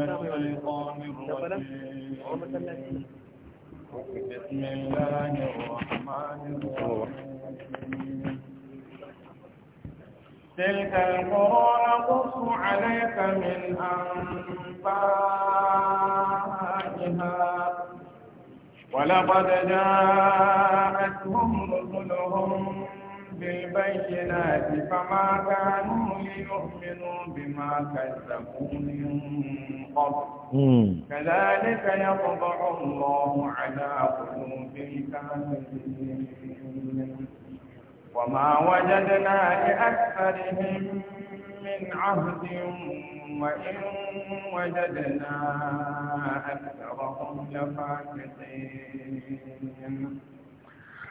بسم الله الرحمن الرحيم تلك القرى نقص عليك من أنبائها ولقد جاءتهم رسلهم بالبينات فما كانوا ليؤمنوا بما كذبوا من قبل كذلك يطبع الله على قلوب الكافرين وما وجدنا لأكثرهم من عهد وإن وجدنا أكثرهم لفاسقين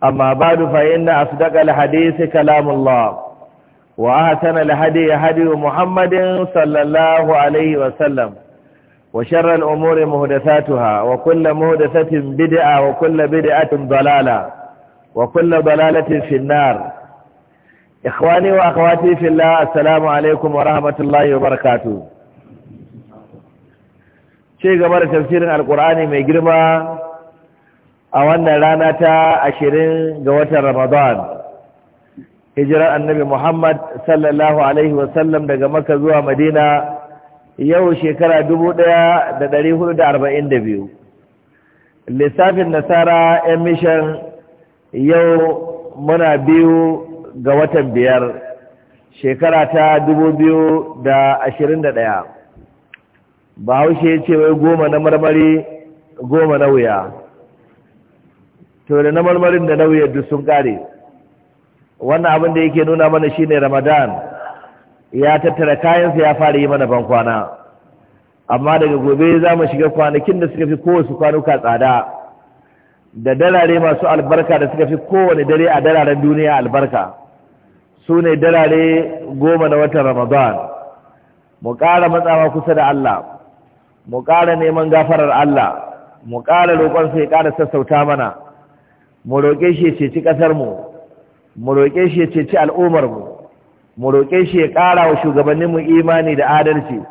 amma ba da fahimta a su daga alhadisi kalamullah wa aka sanar alhadi ya hadi wa sallallahu alaihi wasallam wa sharar umarin mahudasatu ha wa kulla mahudasatin bida'a wa kulla bida'atin dalala wa kulla dalalatin finnar ikhwani wa akwati fillah alaikum wa rahmatullahi wa barakatu ce gaba da tafsirin alkur'ani mai girma a wannan rana ta ashirin ga watan ramadan hijirar annabi muhammad sallallahu alaihi wasallam daga maka zuwa madina yau shekara dubu ɗaya da hudu da arba'in da biyu. lissafin nasara yan mishan yau muna biyu ga watan biyar shekara ta dubu biyu da da ɗaya. bahaushe ce wai goma na marmari goma na wuya to da na marmarin da nauyi duk sun kare wannan abin da yake nuna mana shine ramadan ya tattara kayansa ya fara yi mana bankwana amma daga gobe za mu shiga kwanakin da suka fi kowace kwanuka tsada da dalare masu albarka da suka fi kowane dare a dalaren duniya albarka su ne dalare goma na watan ramadan mu ƙara matsawa kusa da allah mu ƙara neman gafarar allah mu ƙara roƙon sai ƙara sassauta mana mu roƙe shi ya ceci ƙasarmu mu roƙe shi ya ceci al'ummarmu mu roƙe shi ya ƙara wa shugabanninmu imani da adalci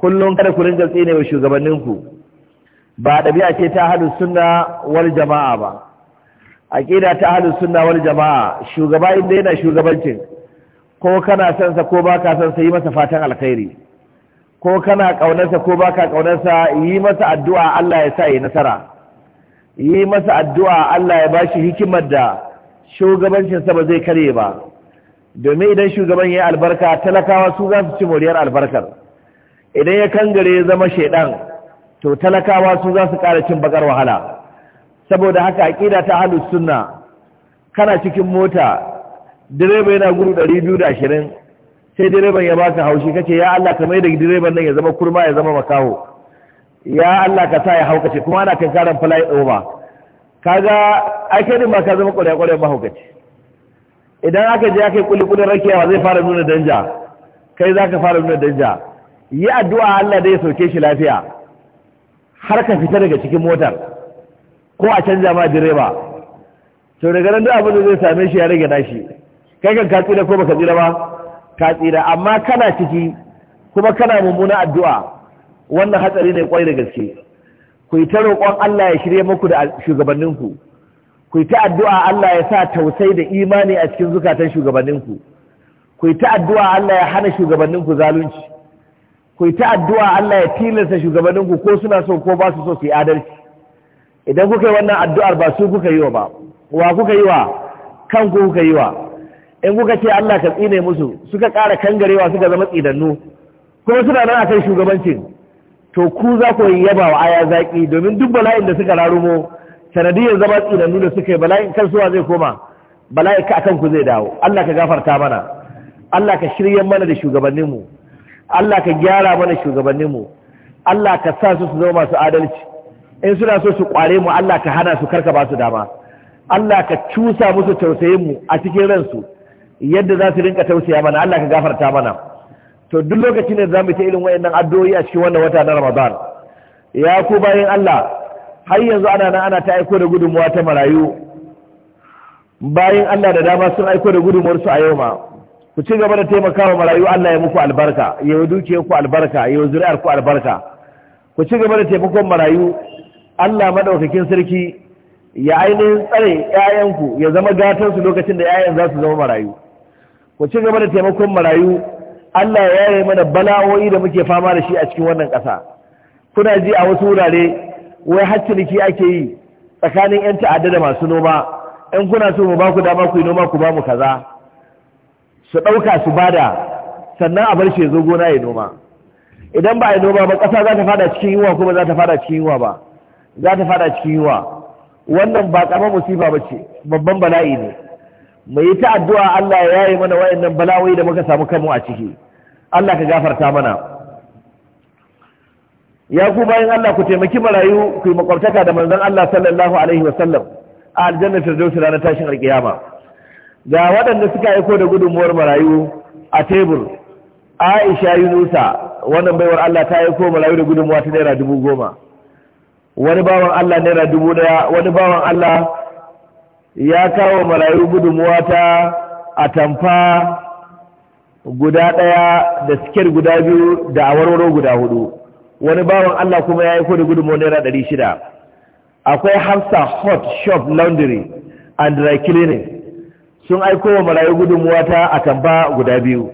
kullum kada ku ringa tsine wa shugabanninku ba ɗabi'a ce ta ahlus sunna wal jama'a ba aqida ta ahlus sunna wal jama'a shugaba inda yana shugabancin ko kana son sa ko baka son sa yi masa fatan alkhairi ko kana ƙaunarsa ko baka ƙaunarsa yi masa addu'a Allah ya sa yi nasara yi masa addu'a Allah ya bashi hikimar da shugabancinsa ba zai kare ba domin idan shugaban ya albarka talakawa su za su ci moriyar albarkar idan ya kangare ya zama shaidan to talakawa su za su kara cin bakar wahala saboda haka aƙida ta halus sunna kana cikin mota direba yana gudu ɗari biyu ashirin. sai direban ya baka haushi kace ya Allah ka mai da direban nan ya zama kurma ya zama makaho ya Allah ka sa ya haukace kuma ana kan karan fly over kaga ake din ba ka zama kure kure ba idan aka je aka kuli kulikulin rakiya zai fara nuna danja kai zaka fara nuna danja yi addu'a Allah da ya sauke shi lafiya har ka fita daga cikin motar ko a canja ma direba to daga nan duk abin da zai same shi ya rage nashi kai kan ka tsira ko baka tsira ba ka tsira amma kana ciki kuma kana mummuna addu'a wannan hatsari ne kwai da gaske ku yi ta roƙon Allah ya shirya muku da shugabanninku ku yi ta addu'a Allah ya sa tausai da imani a cikin zukatan shugabanninku ku yi ta addu'a Allah ya hana shugabanninku zalunci ku yi ta addu'a Allah ya tilasta shugabanninku ko suna so ko ba su so su yi adalci idan kuka yi wannan addu'ar ba su kuka yi wa ba wa kuka yi wa kanku kuka yi wa in kuka ce Allah ka tsine musu suka ƙara kangarewa suka zama tsidannu kuma suna nan akan shugabancin to ku za ku yaba wa aya zaki domin duk bala'in da suka rarumo sanadiyar zama tsinannu da suka yi bala'in suwa zai koma bala'in ka akan ku zai dawo Allah ka gafarta mana Allah ka shirya mana da shugabanninmu Allah ka gyara mana shugabanninmu Allah ka sa su su zama masu adalci in suna so su kware mu Allah ka hana su karka ba su dama Allah ka cusa musu tausayin mu a cikin ransu yadda za su rinka tausaya mana Allah ka gafarta mana to duk lokacin ne za mu ta irin wayannan addu'o'i a cikin wannan wata na Ramadan ya ku bayan Allah har yanzu ana nan ana ta aiko da gudunmuwa ta marayu bayan Allah da dama sun aiko da gudunmuwar su a yau ma ku ci gaba da taimakawa marayu Allah ya muku albarka ya yi dukiyar ku albarka ya yi zuri'ar ku albarka ku ci gaba da taimakon marayu Allah madaukakin sarki ya ainihin tsare 'ya'yanku ya zama gatansu lokacin da 'ya'yan za su zama marayu ku ci gaba da taimakon marayu Allah ya yi mana bala'o'i da muke fama da shi a cikin wannan ƙasa kuna ji a wasu wurare wai hacciniki ake yi tsakanin 'yan ta'adda da masu noma in kuna so mu ba ku dama ku yi noma ku ba mu kaza su ɗauka su bada sannan a bar shi zo gona ya noma idan ba a yi noma ba ƙasa za ta fada cikin yiwa kuma za ta fada cikin yiwa ba za ta fada cikin yiwa wannan ba ƙaramar musifa ba ce babban bala'i ne mai yi ta addu'a Allah ya yi mana wayannan bala'o'i da muka samu kanmu a ciki Allah ka gafarta mana ya ku bayan Allah ku taimaki marayu ku yi makwabtaka da manzon Allah sallallahu alaihi wa sallam a aljannar firdausi ranar tashin alkiyama ga waɗanda suka aiko da gudunmuwar marayu a tebur Aisha Yunusa wannan baiwar Allah ta aiko marayu da gudunmuwa ta naira dubu goma wani bawan Allah naira dubu daya wani bawan Allah ya kawo marayu gudunmuwa ta atamfa guda ɗaya da sikir guda biyu da awarwaro guda hudu wani bawan Allah kuma ya yi kudi gudunmu naira ɗari shida akwai hafsa hot shop laundry and dry cleaning sun aiko wa marayu gudunmuwa a tamba guda biyu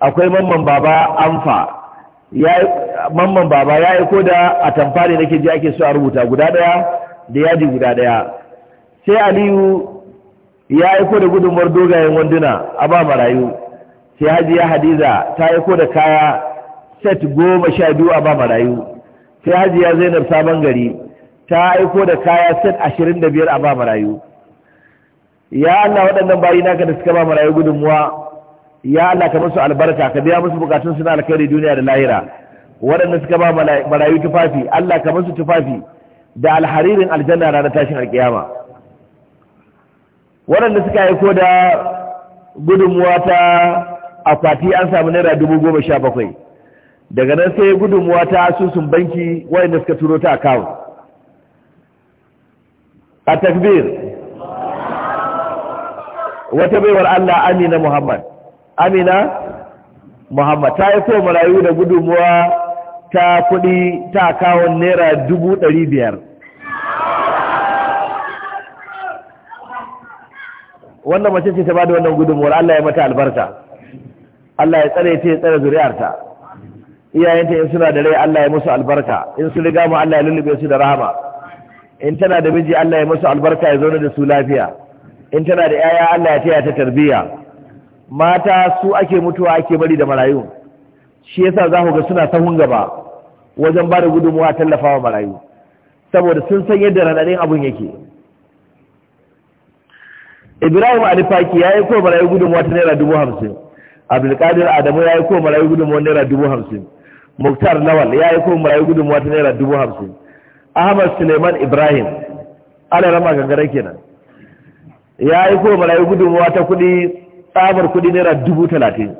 akwai mamman baba amfa mamman baba ya aiko da tamba ne nake ji ake so a rubuta guda ɗaya da yadi guda ɗaya sai aliyu ya aiko da gudunmuwar dogayen wanduna a ba marayu sai hajiya hadiza ta aiko da kaya set goma sha biyu a ba marayu sai hajiya zainab sabon gari ta aiko da kaya set ashirin da biyar a ba marayu ya allah waɗannan bayi naka da suka ba marayu gudunmuwa ya allah ka musu albarka ka biya musu bukatun suna alkhairi duniya da lahira waɗanda suka ba marayu tufafi allah ka musu tufafi da alharirin aljanna ranar tashin alkiyama waɗanda suka aiko da gudunmuwa ta A Fati an samu naira dubu goma sha bakwai daga nan sai gudunmuwa ta asusun banki wayanda suka turo ta akawun. a takbir wata baiwar Allah Amina Muhammad Amina Muhammad ta yi so marayu da gudunmuwa ta kudi ta akawun naira dubu ɗari biyar wannan mace ce ta ba da wannan gudunmuwar Allah ya mata albarka Allah ya tsare ta ya tsare zuri'arta. iyayenta in suna da rai Allah ya musu albarka in su riga mu Allah ya lullube su da rahama in tana da miji Allah ya musu albarka ya zauna da su lafiya in tana da yaya Allah ya taya ta tarbiyya mata su ake mutuwa ake bari da marayu shi yasa za ku ga suna sahun gaba wajen ba da gudunmuwa tallafawa marayu saboda sun san yadda raɗaɗin abun yake ibrahim alifaki ya yi kowa marayu gudunmuwa ta naira dubu hamsin abdulkadir adamu ya yi ko marayu gudunmuwa naira dubu hamsin muktar lawal ya yi ko marayu gudunmuwa ta naira dubu hamsin ahmad suleiman ibrahim ala rama gangare kenan ya yi ko marayu gudunmuwa ta kudi tsabar kudi naira dubu talatin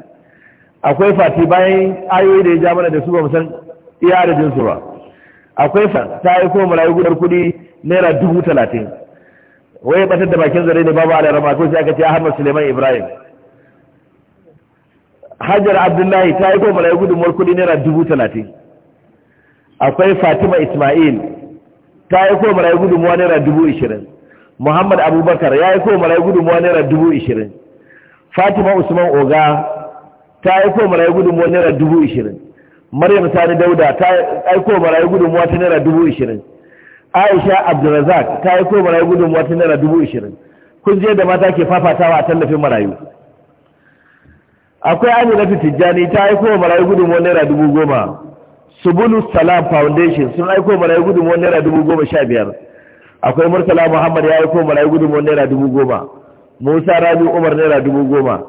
akwai fati bayan ayoyi da ya ja mana da su ba musan iya adadin su ba akwai fa ta yi ko marayu gudunmuwa kudi naira dubu talatin wai batar da bakin zare ne babu ala rama ko sai aka ce ahmad suleiman ibrahim hajar abdullahi ta yi kuma mara gudunmuwar kudi naira dubu talatin akwai fatima ismail ta yi kuma mara gudunmuwa naira dubu ishirin muhammad abubakar ya yi kuma mara gudunmuwa naira dubu ishirin fatima usman oga ta yi kuma mara gudunmuwa naira dubu ishirin maryam sani dauda ta yi kuma mara gudunmuwa ta naira dubu ishirin aisha abdulrazak ta yi kuma mara gudunmuwa ta naira dubu ishirin kun je da mata ke fafatawa a tallafin marayu akwai aminatu tijjani ta aiko wa marayu wani naira dubu goma subulu salam foundation sun aiko wa marayu wani naira dubu goma sha biyar akwai murtala muhammad ya aiko wa marayu wani naira dubu goma musa rabi umar naira dubu goma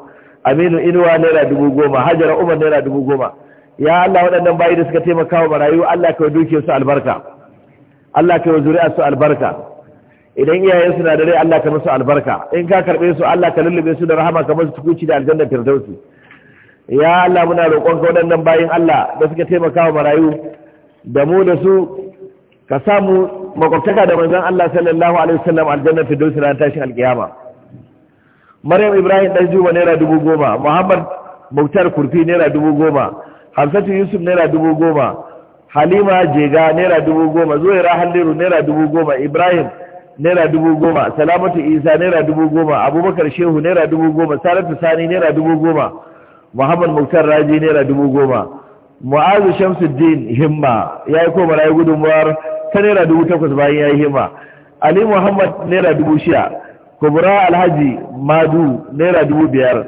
aminu inuwa naira dubu goma hajjara umar naira dubu goma ya allah waɗannan bayi da suka taimaka wa marayu allah kai dukiyar su albarka allah kai zuri'a su albarka idan iyayen suna da rai allah ka musu albarka in ka karɓe su allah ka lullube su da rahama ka musu tukuci da aljanna firdausi ya Allah muna roƙon ka waɗannan bayin Allah da suka taimaka wa marayu da mu da su ka samu makwabtaka da manzon Allah sallallahu alaihi wasallam aljanna fi dusi ran tashin alkiyama Maryam Ibrahim dan juma naira dubu goma Muhammad Muktar Kurfi naira dubu goma Hamsatu Yusuf naira dubu goma Halima Jega naira dubu goma Zuwaira Halliru naira dubu goma Ibrahim naira dubu goma Salamatu Isa naira dubu goma Abubakar Shehu naira dubu goma Saratu Sani naira dubu goma muhammad muktar raji naira dubu goma mu'azu shamsuddin himma ya yi koma rayu gudunmuwar ta naira dubu takwas bayan ya yi himma ali muhammad naira dubu shiya. kubura alhaji madu naira dubu biyar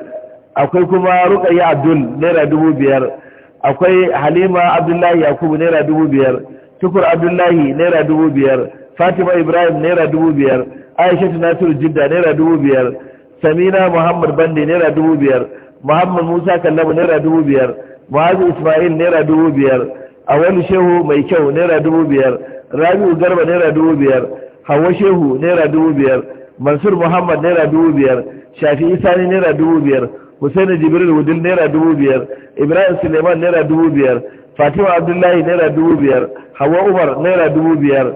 akwai kuma rukayya abdul naira dubu biyar akwai halima abdullahi yakubu naira dubu biyar tukur abdullahi naira dubu biyar fatima ibrahim naira dubu biyar aisha nasiru jidda naira dubu biyar samina muhammad bandi naira dubu biyar muhammad musa kallabu naira dubu biyar muhammad ismail naira dubu biyar awali shehu mai kyau naira dubu biyar rabi'u garba naira dubu biyar hawa shehu naira dubu biyar mansur muhammad naira dubu biyar shafi isani naira dubu biyar Husaini Jibril Wudil Naira dubu biyar, Ibrahim Suleiman Naira dubu biyar, Fatima Abdullahi Naira dubu biyar, Hawa Umar Naira dubu biyar,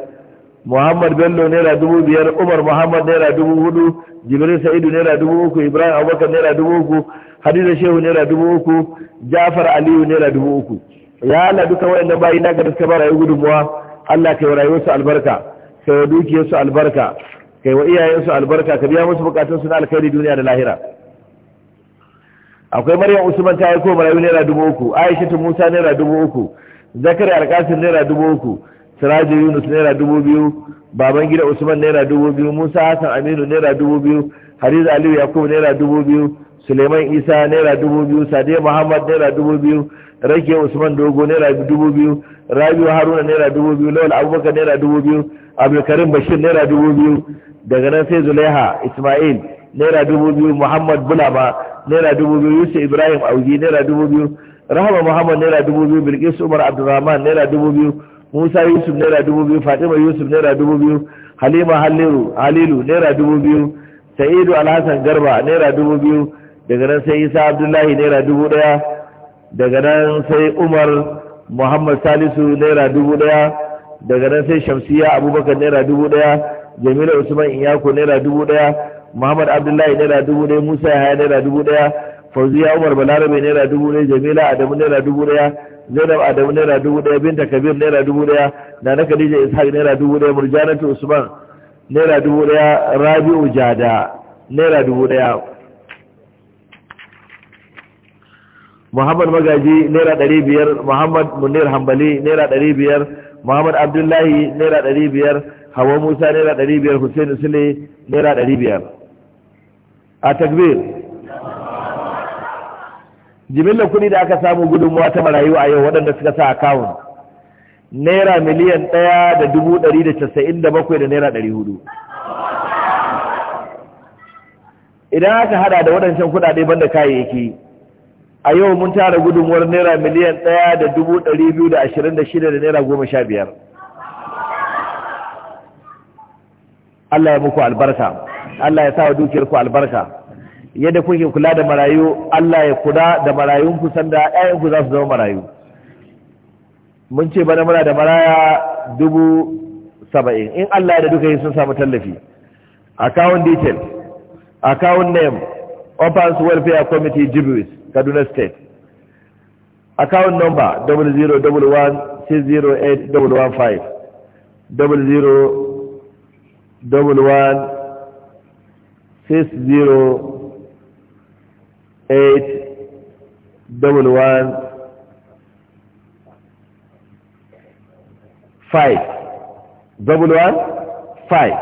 Muhammad Bello Naira dubu biyar, Umar Muhammad Naira dubu hudu, Jibril Sa'idu Naira dubu uku, Ibrahim Abubakar Naira dubu uku, hadiza shehu naira dubu uku jafar aliyu naira dubu uku ya duka waɗanda bayi na ga suka ba gudunmuwa Allah kai wa rayuwarsu albarka kai wa dukiyarsu albarka kai wa iyayensu albarka ka biya musu bukatun su na alkhairi duniya da lahira akwai maryam usman ta aiko marayu naira dubu uku aisha ta musa naira dubu uku zakari alkasin naira dubu uku siraju yunus naira dubu biyu baban gida usman naira dubu biyu musa hassan aminu naira dubu biyu hadiza aliyu yakubu naira dubu biyu suleiman isa naira dubu biyu sade muhammad naira dubu biyu rake usman dogo naira dubu biyu rabiu haruna naira dubu biyu lawal abubakar naira dubu biyu abdulkarim bashir naira dubu biyu daga nan sai zulaiha ismail naira dubu biyu muhammad bulama naira dubu biyu yusuf ibrahim auji naira dubu biyu rahama muhammad naira dubu biyu bilkis umar abdulrahman naira dubu biyu musa yusuf naira dubu biyu fatima yusuf naira dubu biyu halima halilu naira dubu biyu sa'idu alhassan garba naira dubu biyu daga nan sai isa abdullahi naira dubu ɗaya daga nan sai umar muhammad salisu naira dubu ɗaya daga nan sai shamsiya abubakar naira dubu ɗaya jamila usman iyako naira dubu ɗaya muhammad abdullahi naira dubu ɗaya musa yahaya naira dubu ɗaya fauziya umar balarabe naira dubu ɗaya jamila adamu naira dubu ɗaya zainab adamu naira dubu ɗaya binta kabir naira dubu ɗaya nana khadija ishaq naira dubu ɗaya murjanatu usman naira dubu ɗaya rabi'u jada naira dubu ɗaya muhammad magaji naira ɗari biyar muhammad munir hambali naira ɗari biyar muhammad abdullahi naira ɗari biyar hawa musa naira ɗari biyar hussein sule naira ɗari biyar a takbir jimillar kuɗi da aka samu gudunmuwa ta marayu a yau waɗanda suka sa akawun naira miliyan ɗaya da dubu ɗari da casa'in da bakwai da naira ɗari hudu idan aka hada da waɗancan kuɗaɗe banda kayayyaki a yau mun tara gudunmuwar naira miliyan ɗaya da dubu ɗari biyu da ashirin da shida da naira goma sha biyar Allah ya muku albarka Allah ya sa wa dukiyar ku albarka yadda kuke kula da marayu Allah ya kula da marayun ku sanda ƴaƴan ku za su zama marayu mun ce bana mara da maraya dubu saba'in in Allah da duka yi sun samu tallafi account detail account name offense welfare committee jibris kaduna state account number 0016081115 0016081115 five double one five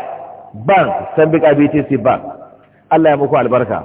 bank sambik abtc bank allah ya muku albarka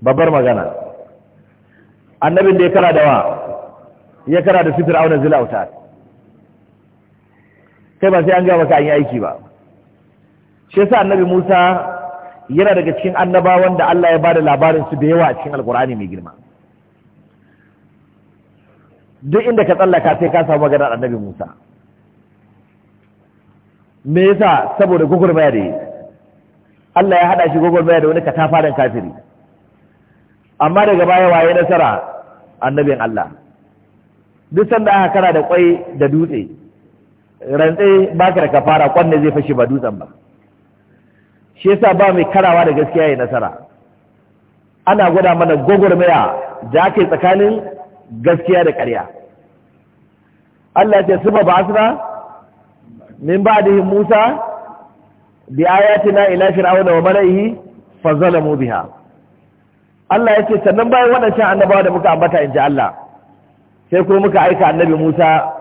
babbar magana annabin da ya kara da wa ya kara da sifir auna zilauta kai ba sai an gaba ka an yi aiki ba shi yasa annabi Musa yana daga cikin annabawan da Allah ya ba da labarin su da yawa a cikin alkur'ani mai girma duk inda ka tsallaka sai ka samu magana annabi Musa me yasa saboda gugurmaya da yi Allah ya hada shi gugurmaya da wani katafaren kafiri amma daga baya waye nasara annabin Allah duk sanda aka kara da kwai da dutse rantse baka da kafara kwanne zai fashe ba dutsen ba shi yasa ba mai karawa da gaskiya ya nasara ana gwada mana gwagwarmaya da ake tsakanin gaskiya da ƙarya Allah ce su ba asira min ba Musa bi ayatina ila fir'auna wa mala'ihi fa zalamu biha Allah ya ce sannan bayan waɗancan annabawa da muka ambata in ji Allah sai kuma muka aika annabi Musa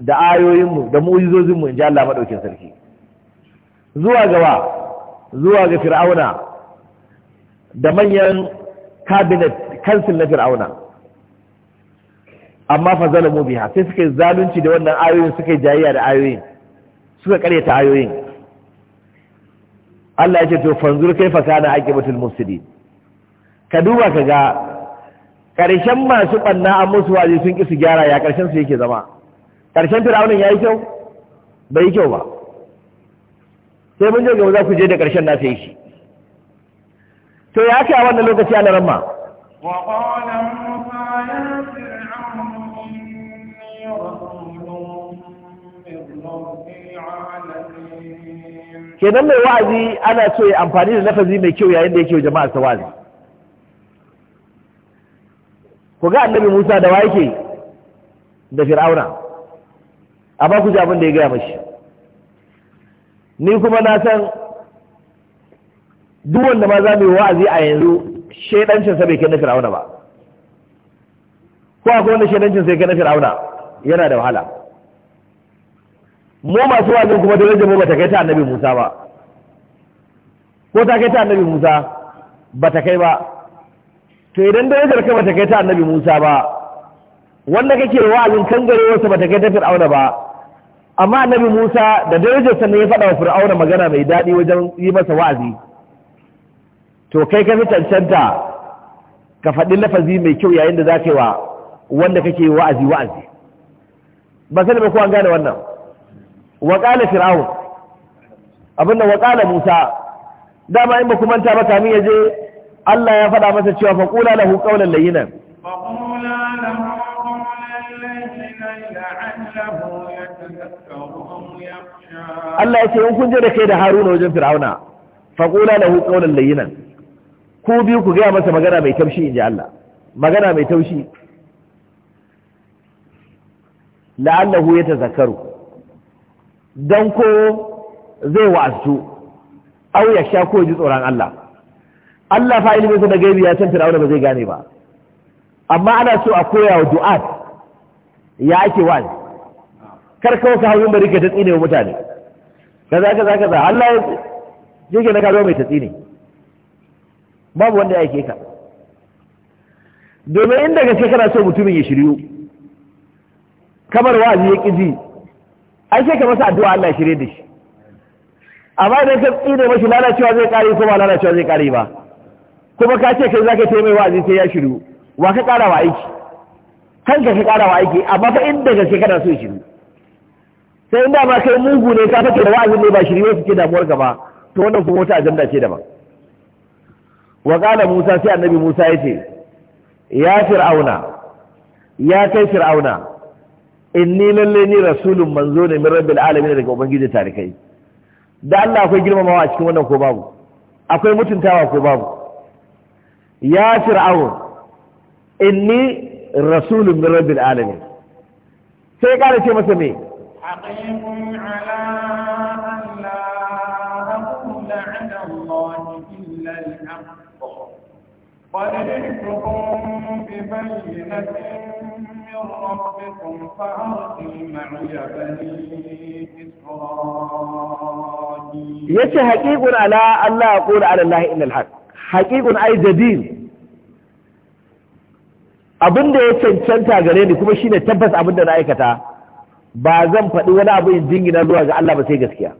da ayoyinmu da mu'izozinmu in ji Allah maɗaukin sarki zuwa gawa zuwa ga fir'auna da manyan cabinet council na fir'auna amma fa zalamu biha sai suka yi zalunci da wannan ayoyin suka yi jayayya da ayoyin suka karyata ayoyin Allah ya ce to fanzur kai fasana aqibatul mufsidin ka duba ka ga ƙarshen masu ɓanna an musu waje sun ƙi su gyara ya ƙarshen su yake zama ƙarshen fir'aunin ya yi kyau bai yi kyau ba sai mun je gaba za ku je da ƙarshen nasa yi shi to ya ce a wannan lokaci a laran ma kenan mai wa'azi ana so ya amfani da lafazi mai kyau yayin da yake jama'a sa wa'azi ku ga annabi Musa da wa yake da Fir'auna ba ku ji abin da ya gaya mashi ni kuma na san duk wanda ma za mu yi wa'azi a yanzu shaidancin sa bai kai na Fir'auna ba ko akwai wanda shaidancin bai kai na Fir'auna yana da wahala mu masu wajen kuma darajar mu bata kai ta annabi Musa ba ko ta kai ta annabi Musa bata kai ba to idan darajar ka bata kai ta annabi Musa ba wanda kake wa'azin kangarewarsa bata kai ta Fir'auna ba amma annabi Musa da darajar sa ya faɗa wa Fir'auna magana mai daɗi wajen yi masa wa'azi to kai ka fi cancanta ka faɗi lafazi mai kyau yayin da ka yi wa wanda kake wa'azi wa'azi ba sai ba ko an gane wannan wa qala fir'aun abinda wa qala Musa dama in ba ku manta ba kamin ya je Allah ya faɗa masa cewa faƙula lahu ƙaunar layinan Allah ya ce in kun je da kai da haruna wajen fir'auna faƙula lahu ƙaunar layinan ku biyu ku gaya masa magana mai taushi in ji Allah magana mai taushi la'allahu ya tazakaru don ko zai wa'azu au ya sha ko ji tsoron Allah Allah fa ilimin sa da gaibi ya san Fir'auna ba zai gane ba amma ana so a koya wa du'at ya ake wani kar kawo ka hanyar bari ka ta tsine wa mutane kaza kaza kaza Allah ya jike na kazo mai ta tsine babu wanda ya aike ka domin inda gaske kana so mutumin ya shiryu kamar wazi ya ƙi ji ai sai ka masa addu'a Allah ya shirye da shi amma idan ka tsine mashi lalacewa zai kare ko ba lalacewa zai kare ba kuma ka ce kai zaka taimai wa'azi sai ya shiru wa ka kara wa aiki kanka ka kara wa aiki amma fa inda ce kana so shiru sai inda ma kai mugu ne ka fake da wa'azi ne ba shiru wasu ke damuwar ka ba to wannan kuma wata ajanda ce daban wa kana musa sai annabi musa ya ce ya fir'auna ya kai fir'auna inni lalle ni rasulun manzo ne min rabbil alamin daga ubangiji tarikai da Allah akwai girmamawa a cikin wannan ko babu akwai mutuntawa ko babu يا فرعون إني رسول من رب العالمين قال شي مسمي حقيق على أن لا أقول عند الله إلا الحق قد جئتكم ببينة من ربكم فأرسل معي بني إسرائيل يا حقيق على أن لا أقول على الله إلا الحق haƙiƙun ai jadid abin da ya cancanta gare ni kuma shine tabbas abin da na aikata ba zan faɗi wani abu in jingina zuwa ga Allah ba sai gaskiya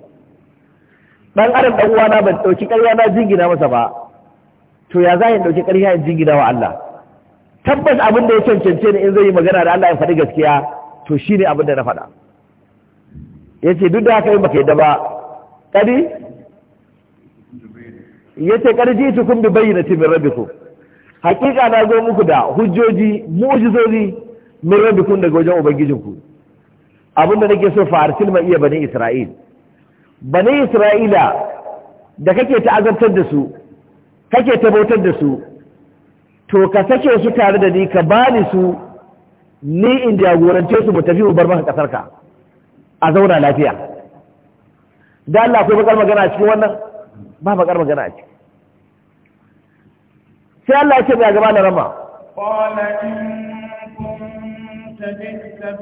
dan adam dan uwana ban dauki ƙarya na jingina masa ba to ya za in dauki ƙarya in jingina wa Allah tabbas abin da ya cancance ni in zai yi magana da Allah in faɗi gaskiya to shine abin da na faɗa yace duk da haka in baka yadda ba kadi Ya yace karji kun bi bayyana bayyinati min rabbikum hakika na zo muku da hujjoji mu'jizozi min rabbikum daga wajen ubangijinku abinda nake so fa arsil iya bani isra'il bani isra'ila da kake ta'azartar da su kake bautar da su to ka sake su tare da ni ka bani su ni in jagorance su mu tafi mu bar maka kasarka a zauna lafiya da Allah ko bakar magana cikin wannan ba bakar magana a ciki sai Allah ya ce mai gaba da rama qala in kunta ji'ta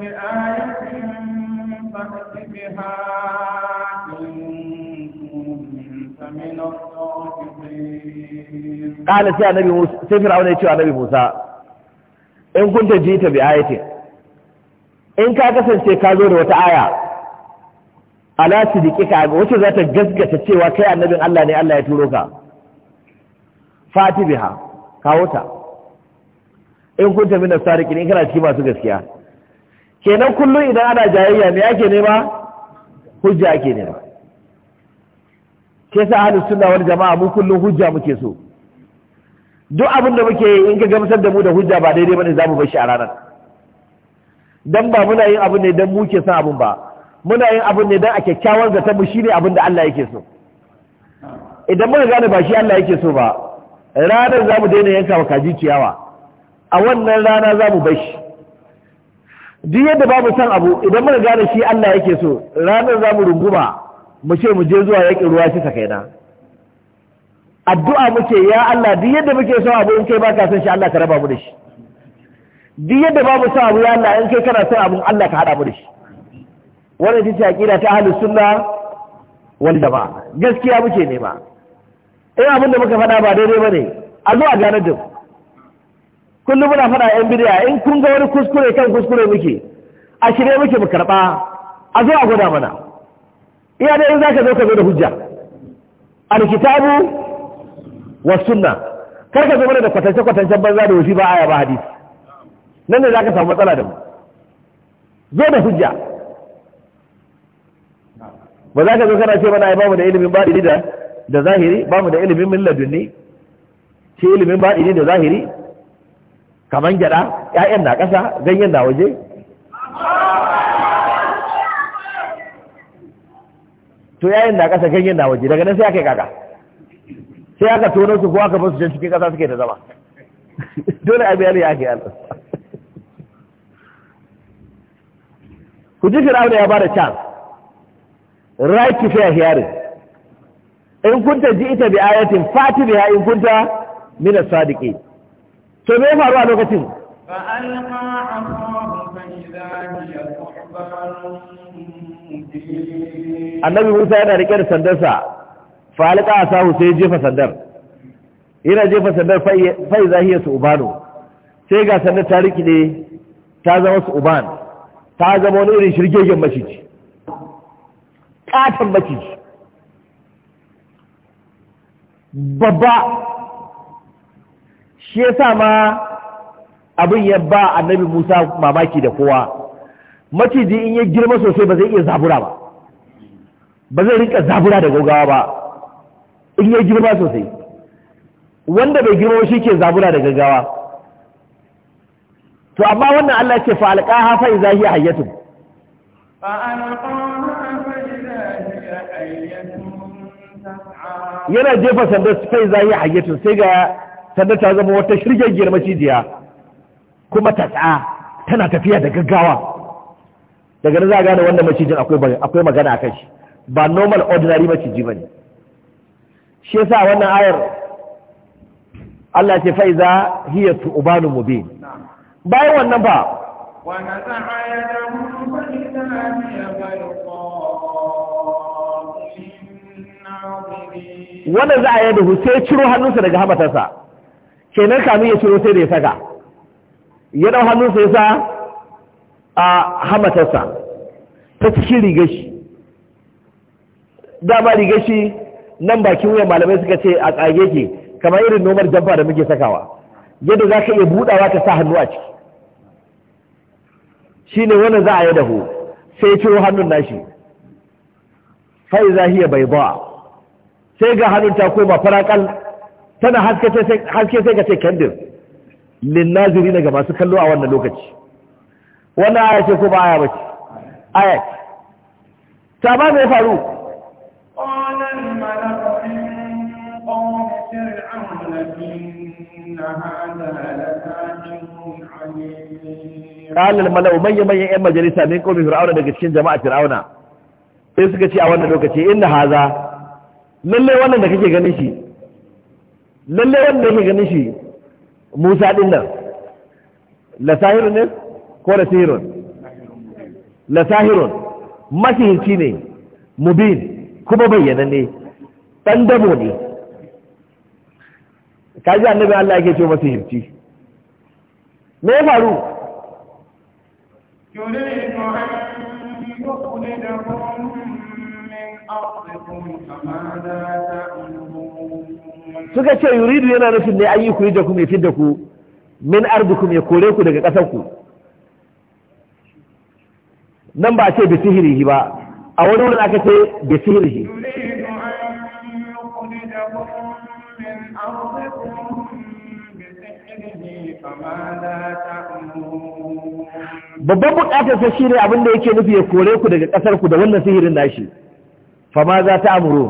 Ƙala sai annabi Musa sai Fir'auna ya ce annabi Musa in kunta jita bi ayatin in ka kasance ka zo da wata aya ala ga wace za ta gaskata cewa kai annabin Allah ne Allah ya turo ka fati biha kawo ta in kunta min asarikin in kana cikin masu gaskiya kenan kullum idan ana jayayya me yake nema hujja ake nema kesa sa ahlus sunna wal jama'a mu kullum hujja muke so duk abin da muke yi in ka gamsar da mu da hujja ba daidai bane zamu bar shi a ranar dan ba muna yin abu ne dan muke son abun ba muna yin abin ne don a kyakkyawar zata mu shi ne abin da Allah yake so idan muka gane ba shi Allah yake so ba ranar za mu daina yanka wa kaji ciyawa a wannan rana za mu bashi duk yadda ba mu san abu idan muka gane shi Allah yake so ranar za mu runguma mu ce mu je zuwa yaƙin ruwa shi sakaina addu'a muke ya Allah duk yadda muke son abu in kai baka son shi Allah ka raba mu da shi duk yadda ba mu son abu ya Allah in kai kana son abu Allah ka hada mu da shi wannan ita ce aqida ta ahlus sunna wal jamaa gaskiya muke ba, eh abin da muka faɗa ba daidai bane a zo a gane da kullum muna faɗa yan bida, in kun ga wani kuskure kan kuskure muke a shirye muke mu karɓa a zo a gwada mana iya da in zaka zo ka zo da hujja alkitabu was sunna kar ka zo mana da kwatance kwatancen banza da wasi ba aya ba hadisi nan ne zaka samu matsala da mu zo da hujja ba za ka zo kana ce mana ai bamu da ilimin baɗini da da zahiri bamu da ilimin min ladunni shi ilimin baɗini da zahiri kaman gyaɗa ƴaƴan na ƙasa ganyen na waje to ƴaƴan na ƙasa ganyen na waje daga nan sai aka yi kaka sai aka tono su ko aka bar su can cikin ƙasa suke da zama dole a biyar ya ke Allah ku ji da ya bada chance raki fi ahyari in kunta ji ita bi ayatin fati biha in kunta min as-sadiqin to me faru a lokacin fa alqa annabi Musa yana rike da sandarsa fa alqa asahu sai jefa sandar yana jefa sandar fa zahiya su ubano sai ga sandar ta ne ta zama su uban ta zama wani irin shirgegen maciji katon baki babba shi yasa ma abin ya ba annabi Musa mamaki da kowa maciji in ya girma sosai ba zai iya zabura ba ba zai rinka zabura da gogawa ba in ya girma sosai wanda bai girma shi ke zabura da gaggawa to amma wannan Allah ce fa alqaha fa izahi hayyatun fa alqaha yana jefa sandar sai zai hayyatun sai ga sandar ta zama wata shirgegiyar macijiya kuma ta tsaya, tana tafiya da gaggawa daga nan za a gane wannan macijin akwai magana a kan shi ba normal ordinary maciji ba ne shi yasa wannan ayar Allah ce faiza hiya tu'banu mubin bayan wannan ba wa wannan za a yi dahu sai ciro hannunsa daga habatarsa kenan kamun ya ciro sai da ya saka ya dau hannunsa ya sa a habatarsa ta cikin rigashi dama rigashi nan bakin wuyan malamai suka ce a tsage ke kamar irin nomar jamfa da muke sakawa yadda za ka iya buɗawa ka sa hannu a ciki shi ne wannan za a yi dahu sai ciro hannun nashi fa'iza hiya bai ba'a sai ga hannun ta koma farakal tana haske sai ka ce kandir linnaziri daga masu kallo a wannan lokaci wannan aya ce ko ba aya bace aya ta ba mai faru قال malau manya يمن 'yan majalisa min قوم fir'auna daga cikin jama'a fir'auna sai suka ce a wannan lokaci inna haza lallai wannan da kake ganin shi lallai wannan da kake ganin shi musa din nan la sahirun ne ko la sahirun la sahirun masihirci ne mubin kuma bayyana ne dan dabo ne ka ji annabi Allah yake ce masihirci me ya faru ne da يخلدهم suka ce yuridu yana nufin ne an yi ku yi da ku mai fidda ku min ku mai kore ku daga ƙasar ku nan ba a ce bisihirihi ba a wani wurin aka ce bisihirihi babban bukatarsa shi ne abinda yake nufi ya kore ku daga ƙasar ku da wannan sihirin nashi shi fama za ta amuru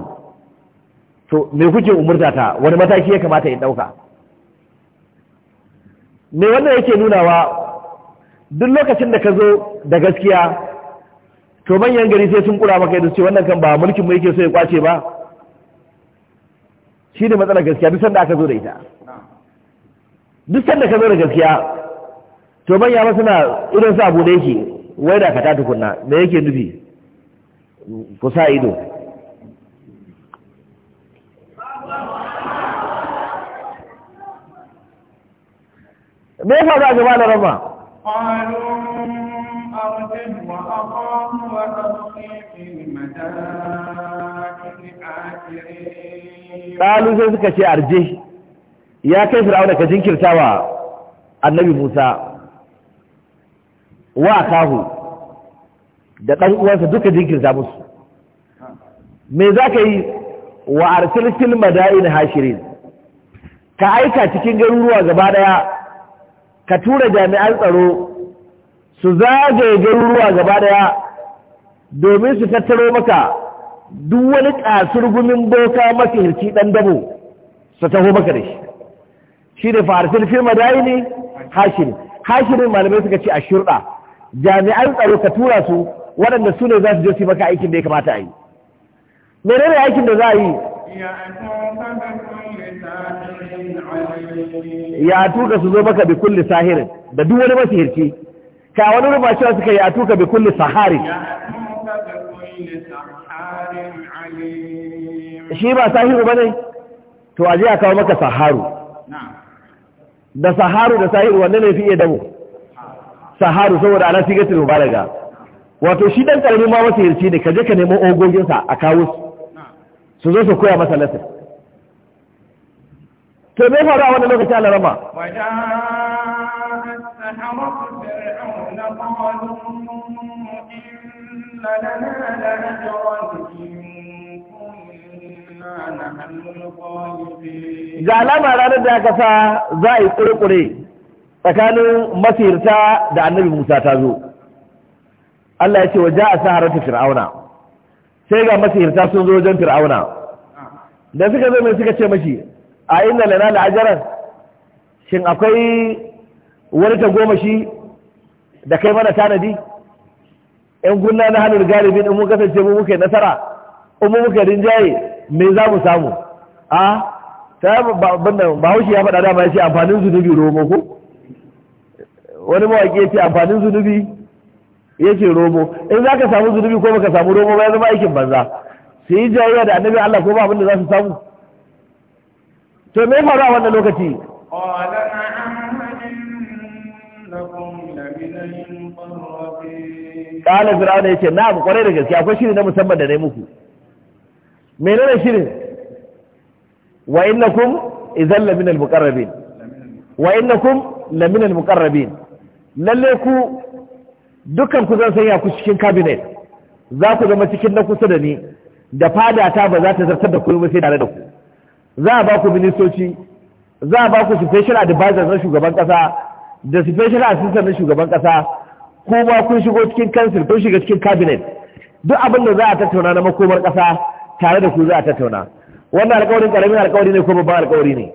to me kuke umurta ta wani mataki ya kamata in ɗauka me wannan yake nunawa duk lokacin da ka zo da gaskiya to manyan gari sai sun kura maka yadda ce wannan kan ba mulkin mu yake so ya kwace ba shi ne matsalar gaskiya duk sanda aka zo da ita duk sanda ka zo da gaskiya to manya masu na irin sa abu da yake wai da ka ta tukunna me yake nufi ku sa ido me yasa za gaba da rama Ƙalu sai suka ce arje ya kai da ka jinkirta wa annabi Musa wa kahu da ɗan uwansa duka jinkirta musu me za ka yi wa arsilfil madain hashirin ka aika cikin garuruwa gaba ɗaya ka tura jami'an tsaro su zagaye garuruwa gaba ɗaya domin su tattaro maka duk wani ƙasar gumin boka mafi hirci ɗan dabo su taho maka da shi shi ne fil ne? hashirin hashirin malamai suka ce a shirɗa jami'an tsaro ka tura su waɗanda su ne za su je su maka aikin da ya kamata a yi menene aikin da za a yi ya tuka su zo maka bi kulli sahirin da duk wani masihirci ka wani ruba cewa suka ya tuka bi kulli saharin shi ba sahiru ba ne to je a kawo maka saharu da saharu da sahiru wanne ne fi iya damu saharu saboda ana ba mubaraga wato shi dan karami ma yarci ne ka je ka nemo ogoginsa a kawo su su zo su koya masa lasir to me faru a wannan lokaci Allah rama ga alama ranar da aka sa za a yi kure tsakanin masirta da annabi musa ta zo Allah ya ce wa ja'a saharatu fir'auna sai ga masihirta sun zo wajen fir'auna da suka zo mai suka ce mashi a inna lana la'ajaran shin akwai wani ta goma shi da kai mana tanadi in kunna na halin galibin in mun kasance mu muke nasara in mun muke rinjaye me za mu samu a ta bahaushe ya faɗa dama ya ce amfanin zunubi romo ko wani mawaƙi ya ce amfanin zunubi yace romo in zaka samu zunubi ko baka samu romo ba ya zama aikin banza su yi jayayya da annabi Allah ko ba abin da za su samu to me faru a wannan lokaci Kala Fir'auna na na'am kwarai da gaske akwai shiri na musamman da nayi muku menene shirin wa innakum idan la minal muqarrabin wa innakum la minal lalle ku dukan ku zan sanya ku cikin cabinet za ku zama cikin na kusa da ni da fada ta ba za ta zartar da ku ba sai tare da ku za a ba ku ministoci za a ba ku special advisor na shugaban kasa da special assistant na shugaban kasa kuma kun shigo cikin council kun shiga cikin cabinet duk abin da za a tattauna na makomar kasa tare da ku za a tattauna wannan alƙawarin karamin alƙawari ne ko babban alƙawari ne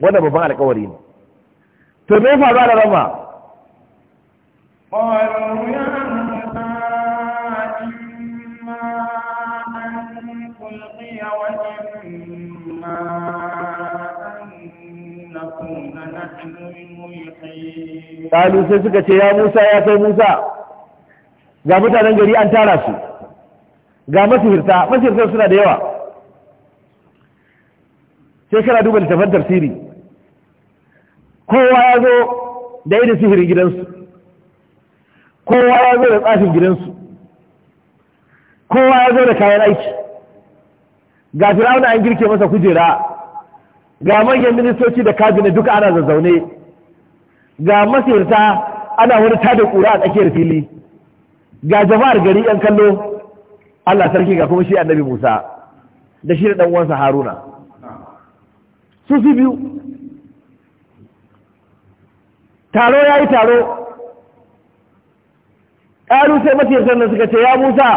wannan babban alƙawari ne to me faru da rama قالوا sai suka ce ya Musa ya kai Musa ga mutanen gari an tara su ga masihirta masihirta suna da yawa sai kana duba tafantar tafsiri kowa ya zo da yi da sihirin gidansu kowa ya zo da tsafin gidansu kowa ya zo da kayan aiki ga firawuna an girke masa kujera ga manyan ministoci da kabinet duka ana zazzaune ga masirta ana wani tada kura a tsakiyar fili ga jama'ar gari yan kallo Allah sarki ga kuma shi annabi Musa da shi da dan uwansa Haruna su su biyu taro yayi taro ƙalu sai matiyarsan nan suka ce ya musa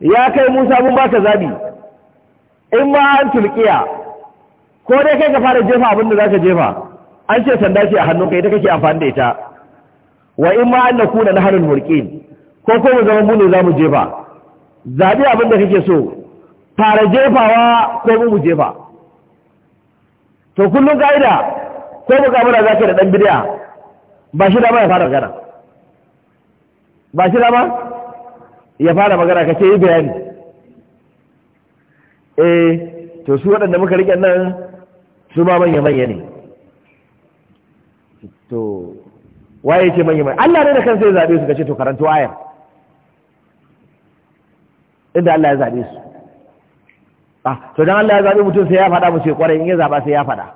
ya kai musa mun baka zabi in ma an tulkiya ko dai kai ka fara jefa abin da za ka jefa an ce sanda ce a hannun kai ita kake amfani da ita wa in ma an na kuna na harin mulkin ko ko mu zama mune za mu jefa zaɓi abin kake so fara jefawa ko mu jefa to kullum ka'ida ko mu kamura za ka da ɗan bidiya ba shi da mara fara gana ba shi ba ya fara magana ka ce yi bayani eh to su waɗanda muka riƙe nan su ma manya-manya ne to waye ce manya-manya Allah ne da kansa ya zaɓe su ka ce to karanto ayar inda Allah ya zaɓe su ah to dan Allah ya zaɓe mutum sai ya faɗa mu sai kwarai in ya zaɓa sai ya faɗa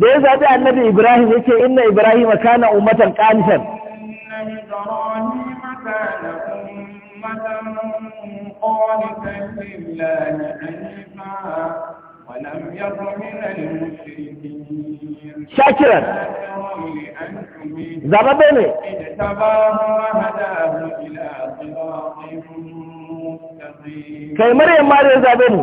da ya zaɓi annabi Ibrahim yake inna Ibrahim kana ummatan qanitan shakiran zaɓaɓɓe ne kai maryam ma da ya zaɓe ne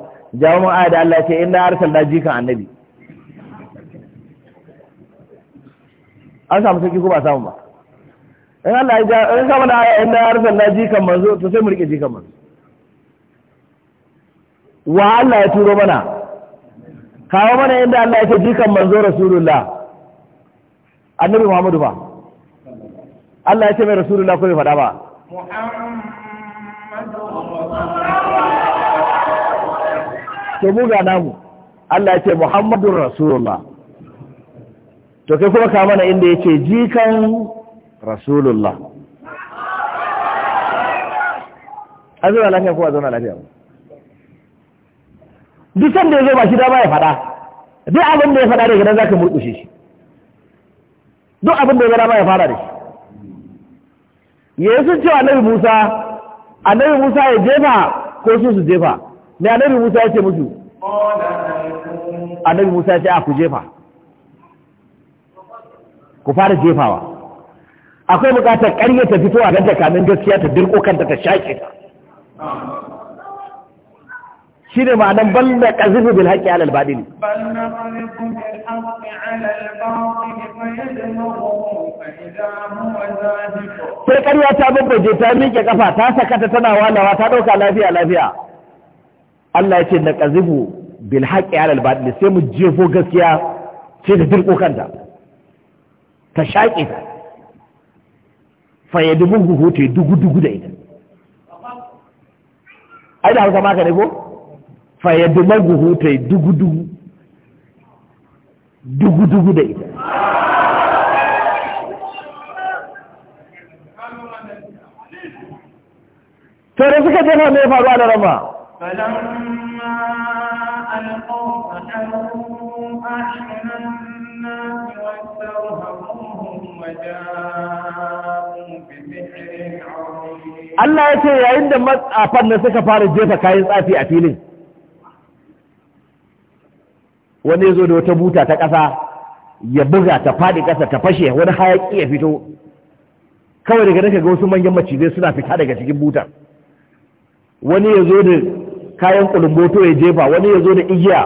jawo mu aya da Allah ce inna arsalna jikan annabi an samu sauki ko ba samu ba in Allah ya ja in samu na aya inna arsalna jikan manzo to sai mu rike jikan manzo wa Allah ya turo mana kawo mana inda Allah ya ce jikan manzo rasulullah annabi Muhammadu ba Allah ya ce mai rasulullah ko bai faɗa ba Muhammadu to mu ga namu Allah ya ce Rasulullah to kai kuma ka mana inda yake jikan Rasulullah an zauna lafiya kowa zauna lafiya ba duk sanda ya zo ba shi ba ya faɗa duk abin da ya faɗa daga nan za ka shi duk abin da ya fada ba ya fara da shi Yesu ce wa Nabi musa annabi musa ya jefa ko su su jefa me annabi Musa ya ce musu annabi Musa ya ce a ku jefa ku fara jefawa akwai bukatar ƙarya ta fito a ta kamin gaskiya ta dirko kanta ta shaƙe ta shi ne ma'anan balla ƙazifu bil haƙƙi alal ne. sai ƙarya ta babbaje ta miƙe ƙafa ta sakata tana walawa ta ɗauka lafiya lafiya Allah ya ce na ƙazibu bil haƙƙi alal batil sai mu jefo gaskiya sai ta dirko kanta ta shaƙe ta fayyadu mun gugu ta dugu dugu da ita ai da hausa maka ne ko fayyadu mun gugu ta dugu dugu dugu dugu da ita to da suka jefa mai faruwa da rama فلما ألقوا فتحوا أعين الناس واسترهبوهم وجاءوا بسحر عظيم الله يسير عند مسأفر fara jefa kayan tsafi a أفيلين wani ya zo da wata buta ta ƙasa ya buga ta faɗi ƙasa ta fashe wani hayaƙi ya fito kawai daga daga wasu manyan macizai suna fita daga cikin butar wani ya zo da kayan kulumboto ya jefa wani ya zo da igiya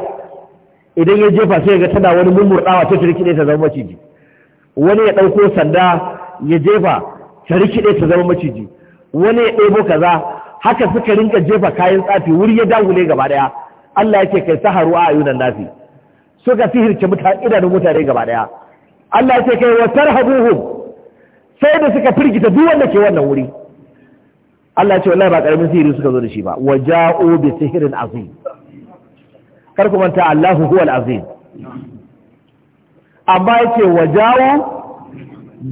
idan ya jefa sai ga tana wani mummurɗawa ta rikide ta zama maciji wani ya ɗauko sanda ya jefa ta rikide ta zama maciji wani ya ɗebo kaza haka suka rinka jefa kayan tsafi wuri ya dagule gaba ɗaya Allah yake kai saharu a ayyunan nafi suka sihirce idanun mutane gaba ɗaya Allah yake kai wa tarhabuhum sai da suka firgita duk wanda ke wannan wuri Allah ce wallahi ba karamin sihiri suka zo da shi ba wa ja'u bi sihrin azim kar ku manta Allahu huwal azim amma yace wa ja'u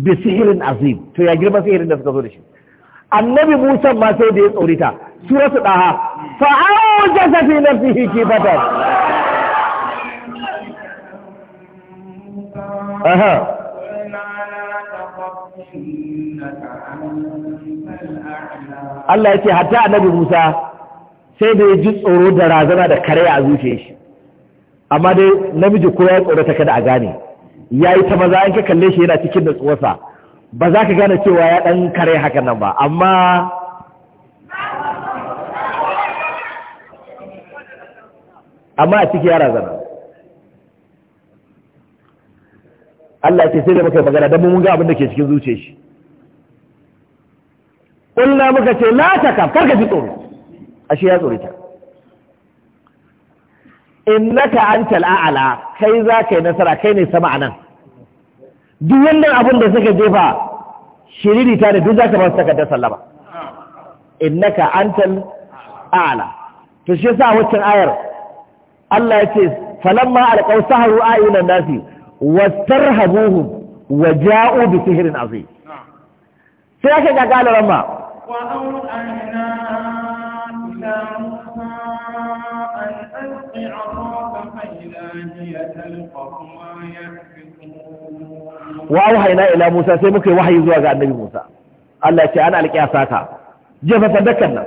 bi sihrin azim to ya girma sihirin da suka zo da shi annabi Musa ma sai da ya tsorita suratu daha fa awjasa fi nafsihi kibatan aha Allah ya ce hatta annabi Musa sai da ya ji tsoro da razana da kare a zuciyar shi amma dai namiji ko ya tsoro ta kada a gane ya yi ta maza an ka kalle shi yana cikin da tsuwasa ba za ka gane cewa ya ɗan kare hakan nan ba amma amma a ciki ya razana Allah ya ce sai da muka magana don mun ga abin da ke cikin zuciyar shi kulla muka ce la takaf karka ji tsoro ashe ya tsorita innaka antal a'la kai za ka yi nasara kai ne sama anan duk wannan abin da suka jefa shiriri ta ne duk za ka ba su takardar sallama innaka antal a'la to shi sa waccan ayar Allah ya ce falamma alqaw saharu ayunan nasi wastarhabuhum wa ja'u bi sihrin azim sai aka ga galaran ma وأوحينا إلى موسى أن ألق عصاك فإذا هي تلقف ما يأفكون وأوحينا إلى موسى وحي النبي موسى Allah ce ana alƙi asaka jefa sandar kan nan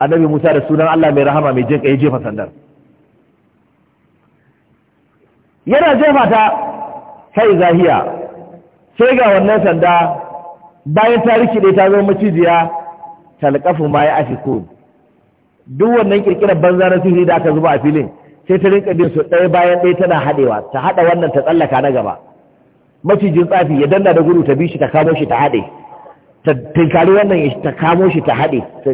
annabi Musa da sunan Allah mai rahama mai jin kai jefa sandar yana jefa ta kai zahiya sai ga wannan sanda bayan ta rikide ta zama macijiya talqafu ma ya afikun duk wannan kirkirar banza na sihiri da aka zuba a filin sai ta rinka bin su ɗaya bayan ɗaya tana haɗewa ta haɗa wannan ta tsallaka na gaba macijin tsafi ya danna da gudu ta bi shi ta kamo shi ta haɗe ta tinkari wannan ta kamo shi ta haɗe ta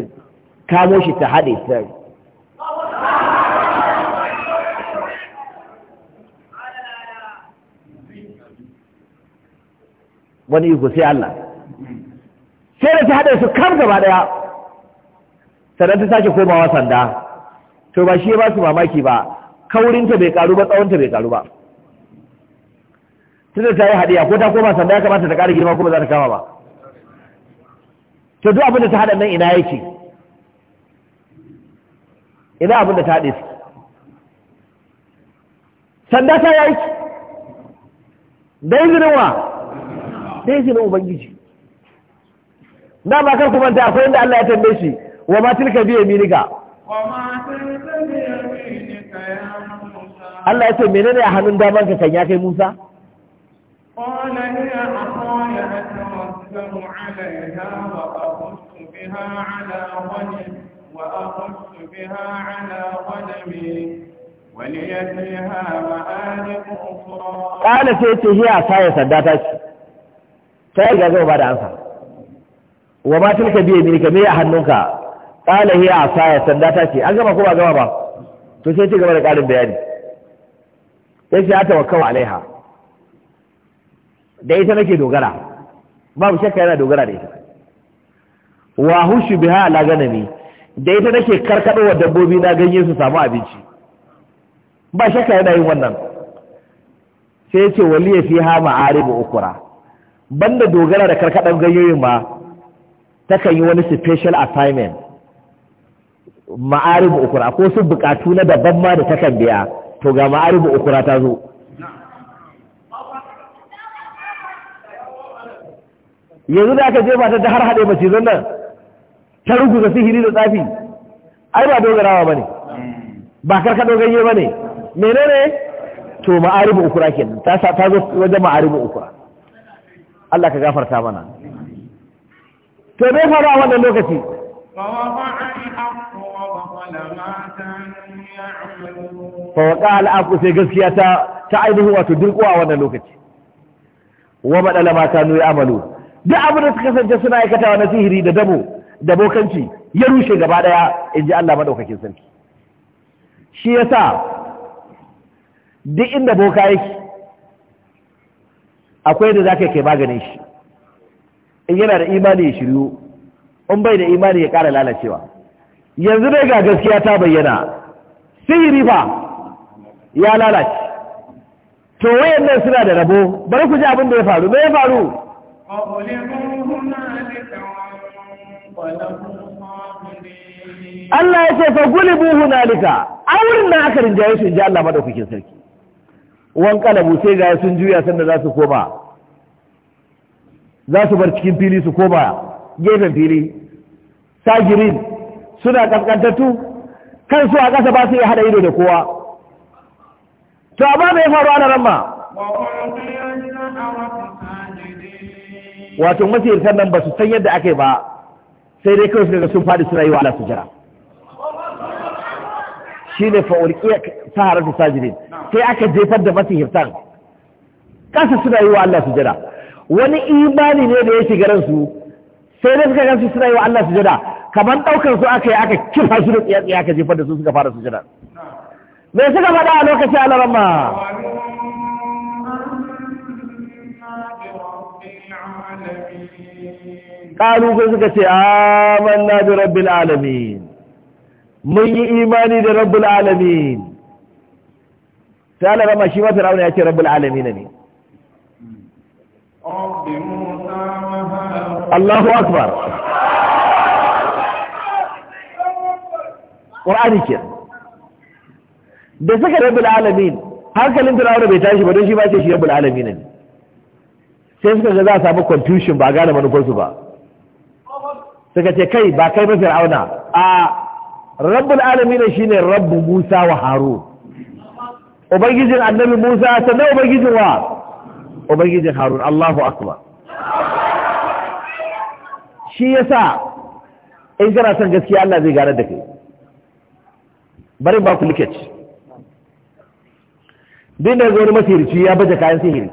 kamo shi ta haɗe ta wani iko sai Allah sai da ta haɗe su kar gaba ɗaya sannan ta sake komawa sanda to ba shi ya ba su mamaki ba kaurinta bai karu ba tsawonta bai karu ba da ta yi haɗiya ko ta koma sanda ya kamata ta ƙara girma kuma za ta kama ba to duk abinda ta haɗa nan ina yake ina abinda ta haɗe su sanda ta yi aiki da izinin wa da izinin ubangiji da ba kar ku manta akwai inda Allah ya tambaye shi wa ma tilka bi yaminika Allah ya ce menene a hannun daman ka kan ya kai Musa وأخذت بها على قدمي وليتيها مآلب أخرى قال سيتي هي عصاية سداتك ba da ansa? wa ma tilka biye milka me a hannunka qala hiya asaya sanda ta ce an gama ko ba gama ba to sai ci gaba da ƙarin bayani sai sai ta wakkawa alaiha da ita nake dogara babu shakka yana dogara da ita wa hushu biha ala ganami da ita nake karkado wa dabbobi na ganye su samu abinci ba shakka yana yin wannan sai ce waliya fi ha ma'arib ukura banda dogara da karkadan ganyoyin ma takan yi wani special assignment ma'aribu ukura ko su bukatu na daban ma da takan biya to ga ma'aribu ukura ta zo yanzu da aka jefa ta da har haɗe zan nan ta ruguza sihiri da tsafi ai ba dogarawa ba ne ba karka ganye ba ne menene to ma'aribu ukura kenan ta zo wajen ma'aribu ukura Allah ka gafarta mana to me fara a wannan lokaci fawaka al'afu sai gaskiya ta ta ainihin wato dirkuwa wannan lokaci wa badala ma kanu ya amalu duk abin da suka kasance suna aikatawa na sihiri da dabo da bokanci ya rushe gaba daya in ji Allah madaukakin sarki shi yasa duk inda boka yake akwai da zaka kai maganin shi in yana da imani ya shiryu in bai da imani ya kara lalacewa yanzu dai ga gaskiya ta bayyana sihiri ba. ya lalace to wayan nan suna da rabo bari ku ji abin da ya faru me ya faru Allah ya ce fa gulibu hunalika a wurin aka rinjaye su inji Allah madaukakin sarki wan kalabu sai ga sun juya sanda za su koma za su bar cikin fili su koma gefen fili sagirin suna kaskantattu kansu a ƙasa ba su iya haɗa ido da kowa to amma mai faru ana ramma wato masirkan nan ba su san yadda aka yi ba sai dai kawai su daga sun faɗi suna yi wa Allah su jira shi ne fa'ulƙiya saharar sajirin sai aka jefar da hirtan ƙasa suna yi wa Allah su jira wani imani ne da ya shiga ransu sai da suka gansu suna yi wa Allah sujada kamar daukar su aka yi aka kifa su da tsiyatsiya aka jefar da su suka fara sujada me suka faɗa a a larama ƙalu ko suka ce amanna bi rabbil alamin mun yi imani da rabbil alamin ta alarama shi mata rauna ya ce rabbil alamin ne الله Akbar ƙwararri ke da suka rabu alamin hankalin turawar bai tashi ba don shi ba ne sai suka ga za a samu confusion ba gane manufarsu ba suka ce kai ba kai mafi auna a rabu alamin shi ne Rabbu musa wa haru ubangijin annabi musa sannan ubangijin wa Ubangiji harun Allahu akbar shi yasa in kana son gaskiya Allah zai gane da kai bari ba ku likeci. din da wani masirci ya baje kayan sihiri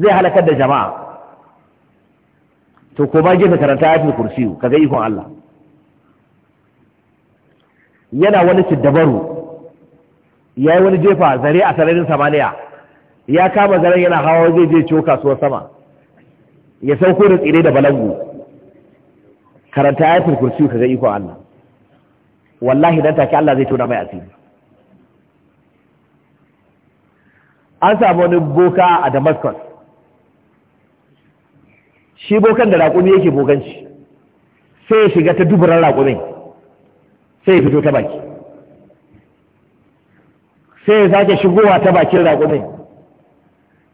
zai halakar da jama'a to ko ba gefe karanta ya fi ka ga ikon Allah yana wani dabaru ya yi wani jefa zare a sararin samaniya ya kama zaren yana hawa zai je ciwo kasuwar sama ya sauko da tsire da balangu karanta ayatul kursi ka ga iko Allah wallahi don take Allah zai tona mai asiri an samu wani boka a Damascus shi bokan da raƙumi yake boganci sai ya shiga ta duburan raƙumin sai ya fito ta baki sai ya sake shigowa ta bakin raƙumin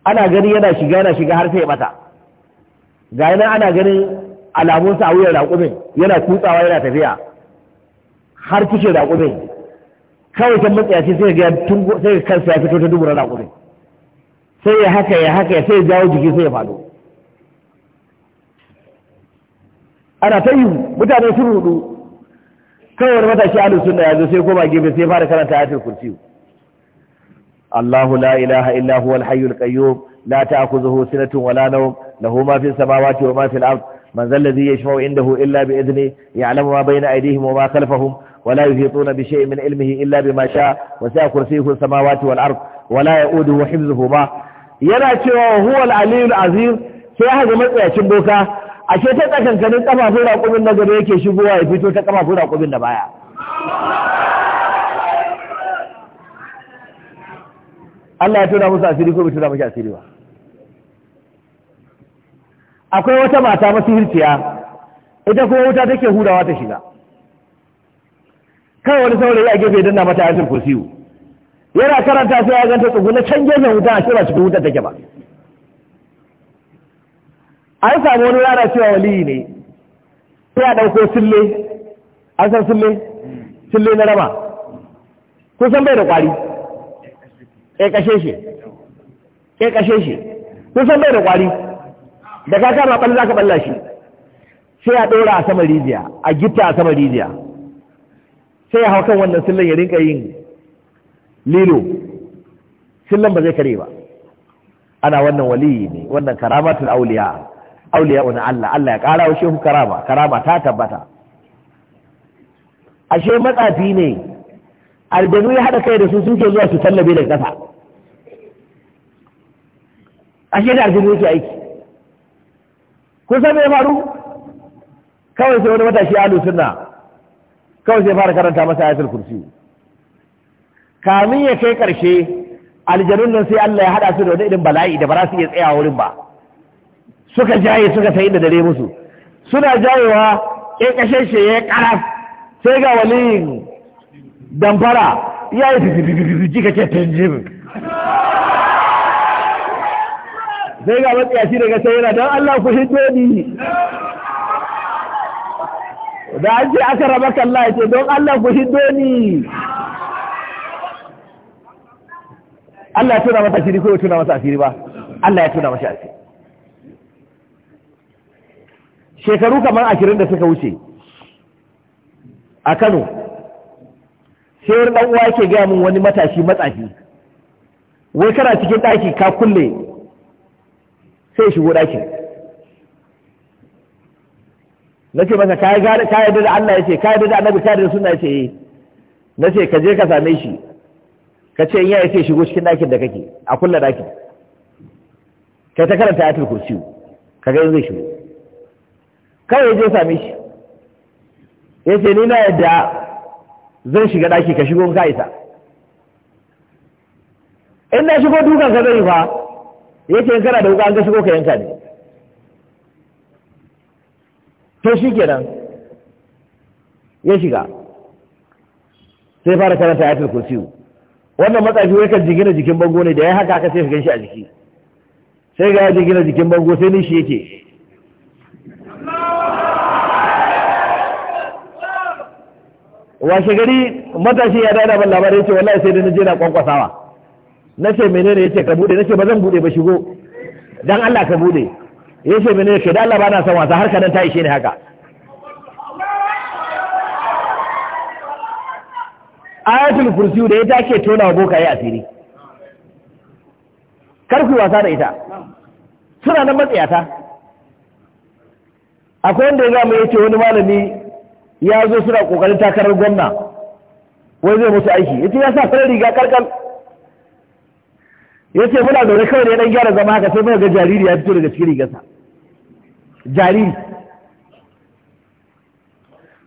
ana gani yana shiga yana shiga har sai ya bata ga yana ana ganin alamun sa wuyan raƙumin yana kutsawa yana tafiya har cikin raƙumin kawai kan ce sai ga tun sai ga kansa ya fito ta dubura raƙumin sai ya haka ya haka sai ya jawo jiki sai ya faɗo ana ta yi mutane sun rudu kawai wani matashi alusun da ya zo sai koma gefe sai fara karanta ayatul kursiyu الله لا إله إلا هو الحي القيوم لا تأخذه سنة ولا نوم له ما في السماوات وما في الأرض من ذا الذي يشفع عنده إلا بإذنه يعلم ما بين أيديهم وما خلفهم ولا يحيطون بشيء من علمه إلا بما شاء وسع كرسيه السماوات والأرض ولا يؤوده حفظهما yana cewa huwal aliyul azim sai haka matsayacin boka ashe ta tsakankanin kafafun raƙumin na gaba yake shigowa ya fito ta kafafun raƙumin da baya Allah ya tura musu asiri ko bai tura maki asiri ba akwai wata mata masihirciya ita kuma wuta take hudawa ta shiga kai wani saurayi a gefe danna mata yasin kursiyu yana karanta sai ya ganta na can gefen wuta a shira cikin wutar take ba an samu wani rana cewa waliyi ne sai a ɗauko sille an san sille sille na rama kusan bai da kwari kai kashe shi sun kashe shi san bai da kwari da ka kama ɓalla ka ɓalla shi sai a ɗora a sama rijiya a gita a sama rijiya sai a hau kan wannan sillan ya rinka yin lilo sillan ba zai kare ba ana wannan waliyi ne wannan karamatul auliya auliya wani Allah Allah ya ƙara wa shehu karama karama ta tabbata ashe matsafi ne aljanu ya haɗa kai da su suke zuwa su tallabe da ƙasa ashe da aljanu yake aiki kun san mai faru kawai sai wani matashi ya alu sunna kawai sai fara karanta masa ayatul kursi kamin ya kai ƙarshe aljanun nan sai Allah ya haɗa su da wani irin bala'i da ba su iya tsaya wurin ba suka jaye suka sai da dare musu suna jayewa ƙeƙashen shi ya ƙara sai ga waliyin damfara ya yi fififififi kake tenjin zai ga shi daga sayira don Allah ku hito ni da an ce aka raba kalla ya ce don Allah ku hito ni Allah ya tuna masa shiri ko ya tuna masa asiri ba Allah ya tuna masa asiri shekaru kamar ashirin da suka wuce a Kano sai wani ɗan uwa ke gaya min wani matashi matsafi wai kana cikin ɗaki ka kulle sai shigo ɗakin na ce masa ka yi da Allah ya ce ka yarda da annabi ka yi da sunna ya ce eh. na ce ka je ka same shi ka ce in yaya ce shigo cikin ɗakin da kake a kulle ɗakin kai ta karanta turku siyu ka ga zai shigo kawai ya je same shi ya ce ni na yadda zan shiga daki ka shigo ka isa in na shigo dukan ka zai fa yake in kana da wuka an ga shigo ka yanka ne to shi kenan ya shiga sai fara karanta ayatul kursi wannan matsafi yakan jigina jikin bango ne da ya haka aka sai ka ganshi a jiki sai ga jigina jikin bango sai ni shi yake washe gari matashi ya dada ban labarai ce wallahi sai da na je na kwankwasawa na ce menene ce ka bude na ce ba zan bude ba shigo dan Allah ka bude ya ce menene ke da Allah ba na son wasa har kadan ta ishe ni haka ayatul kursi da ita ke tona boka yi asiri kar ku wasa da ita suna nan matsayata akwai wanda ya ga mu yace wani malami ya zo suna kokarin takarar gwamna wai zai musu aiki yace ya sa farin riga karkar ce muna zaune kawai ne dan gyara zama haka sai muna ga jariri ya fito daga cikin rigarsa jariri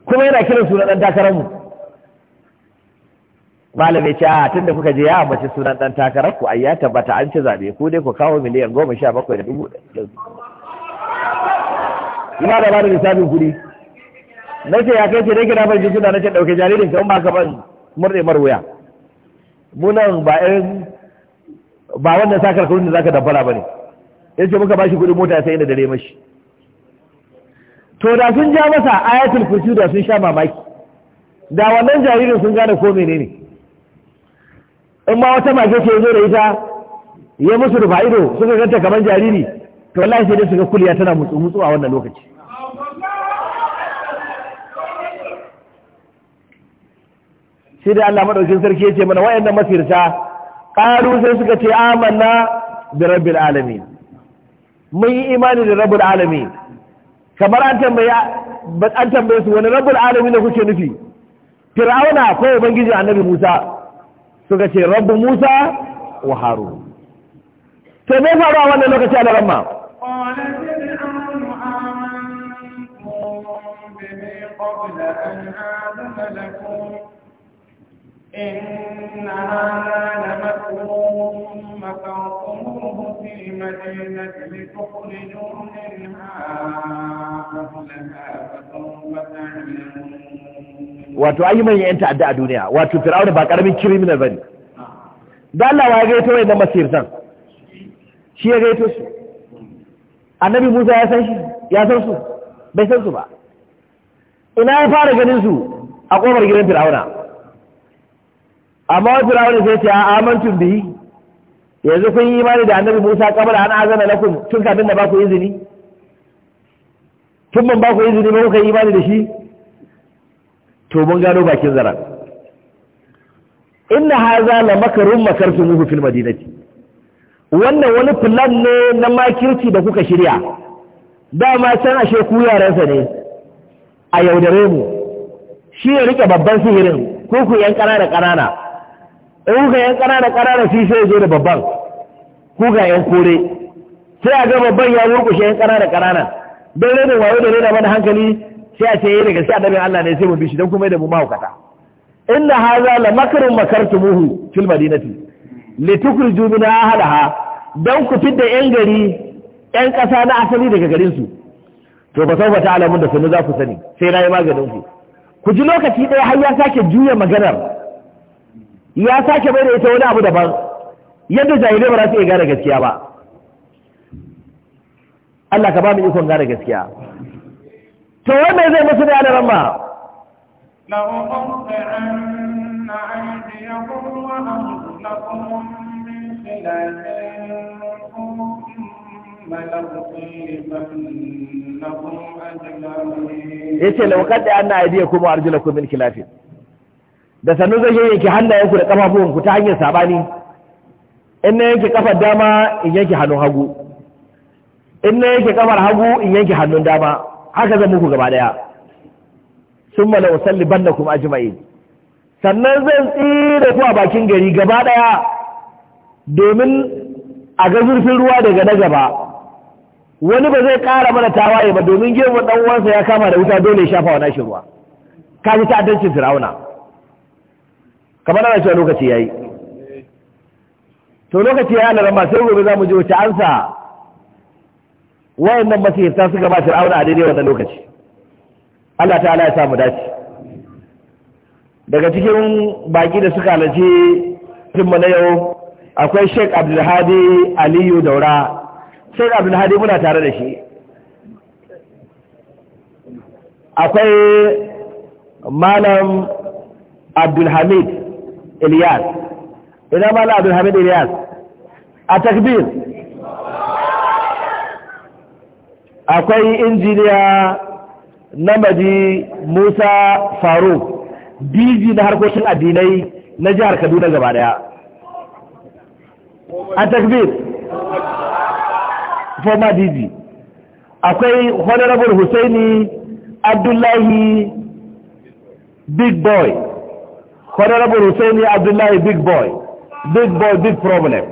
kuma yana kiran sunan dan takarar mu malamai ce a ah, tun da kuka je ya ambaci sunan dan takarar ku ayyata ya tabbata an ci zaɓe? ku dai ku kawo miliyan goma sha bakwai da dubu ɗaya ina da ba da misalin kuɗi ce ya kai ce dai kira bar na nace dauke jaririn ka ba ka ban murde mar wuya munan ba ɗan ba wanda sa kudin da zaka dabbara bane yace muka bashi kuɗin mota sai da dare mashi to da sun ja masa ayatul kursi da sun sha mamaki da wannan jaririn sun gane ko menene in ma wata mage ce zo da ita ya musu rufa ido suka ganta kamar jariri to wallahi sai dai suka kuliya tana mutsu mutsu a wannan lokaci sai da Allah madaukin sarki yace mana wayannan masirta qalu sai suka ce amanna bi rabbil alamin mun yi imani da rabbul alamin kamar an tambaye an tambaye su wani rabbul alamin da kuke nufi fir'auna ko ubangiji annabi Musa suka ce rabbu Musa wa Harun to me faruwa wannan lokaci a ramma قبل أن آذن لكم wato ayi manyan yanta ta'adda a duniya wato fir'auna ba karamin criminal bane da Allah ya gaito mai masirtan shi ya gaito su annabi Musa ya san shi ya san su bai san su ba ina ya fara ganin su a kofar gidan fir'auna amma wani firawun sai ce a amantun bihi yanzu kun yi imani da annabi musa kamar an azana lakum tun kafin da ba ku izini tun ban ba ku izini ba kuka yi imani da shi to mun gano bakin zara inna haza la makarun makartu muhu fil madinati wannan wani plan ne na makirci da kuka shirya dama can ashe ku yaransa ne a yaudare mu shi ya rike babban sihirin ko ku yan ƙanana ƙanana in ga yan ƙanana ƙanana shi sai zo da babban ku ga yan kore sai a ga babban ya wurkushe yan ƙanana ƙanana don rena wayo da rena mana hankali sai a ce yi eh, daga sai annabin Allah ne sai mu bi don kuma da mu mahaukata inna haza la makartu muhu fil madinati litukriju min ahliha don ku fidda yan gari yan ƙasa na asali daga garin su to ba sau ta alamun da sunu za ku sani sai na yi maganin ku ku ji lokaci ɗaya har ya sake juya maganar ya sake bai da ita wani abu daban yadda jahilai ba za su iya gane gaskiya ba Allah ka ba mu ikon gane gaskiya to me zai musu da yanar ma ya ce laukar da an na aidiya kuma arjula kumin kilafin da sannu zai yanke hannayenku da ƙafafuwanku ta hanyar saɓani in na yanke ƙafar dama in yanke hannun hagu in na yanke ƙafar hagu in yanke hannun dama haka zan muku gaba ɗaya sun mala usalli banda kuma jima'i. sannan zan tsira ku a bakin gari gaba ɗaya domin a ga zurfin ruwa daga na gaba wani ba zai ƙara mana tawaye ba domin gemun ɗan uwansa ya kama da wuta dole ya shafa wa nashi ruwa kaji ta'addancin firauna kamar ana cewa lokaci ya yi to lokaci ya na ma sai gobe za mu je wace ansa wayannan ta suka ba shi ra'una a daidai wannan lokaci Allah ta'ala ya samu dace daga cikin baki da suka halarci ma na yau akwai Sheikh Abdulhadi Aliyu Daura Sheikh Abdulhadi muna tare da shi akwai Malam Abdulhamid Iliyas ina mala abin hamid Ilyas a takbir akwai injiniya na namadi Musa Faruk DG na harkokin addinai na jihar Kaduna gaba daya a takbir Foma DG akwai honorable Husaini Abdullahi Big Boy Honorable Hussaini Abdullahi, big boy, big boy, big problem.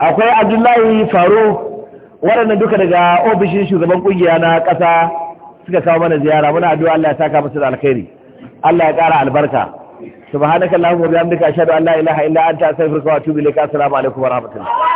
Akwai Abdullahi Faru waɗanda duka daga ofishin shugaban ƙungiya na ƙasa suka kawo mana ziyara muna addu'a Allah ya saka musu da alkhairi. Allah ya ƙara albarka. Subhanakallahumma wa bihamdika ashhadu an la ilaha illa anta astaghfiruka wa atubu ilayka. Assalamu alaikum wa rahmatullah.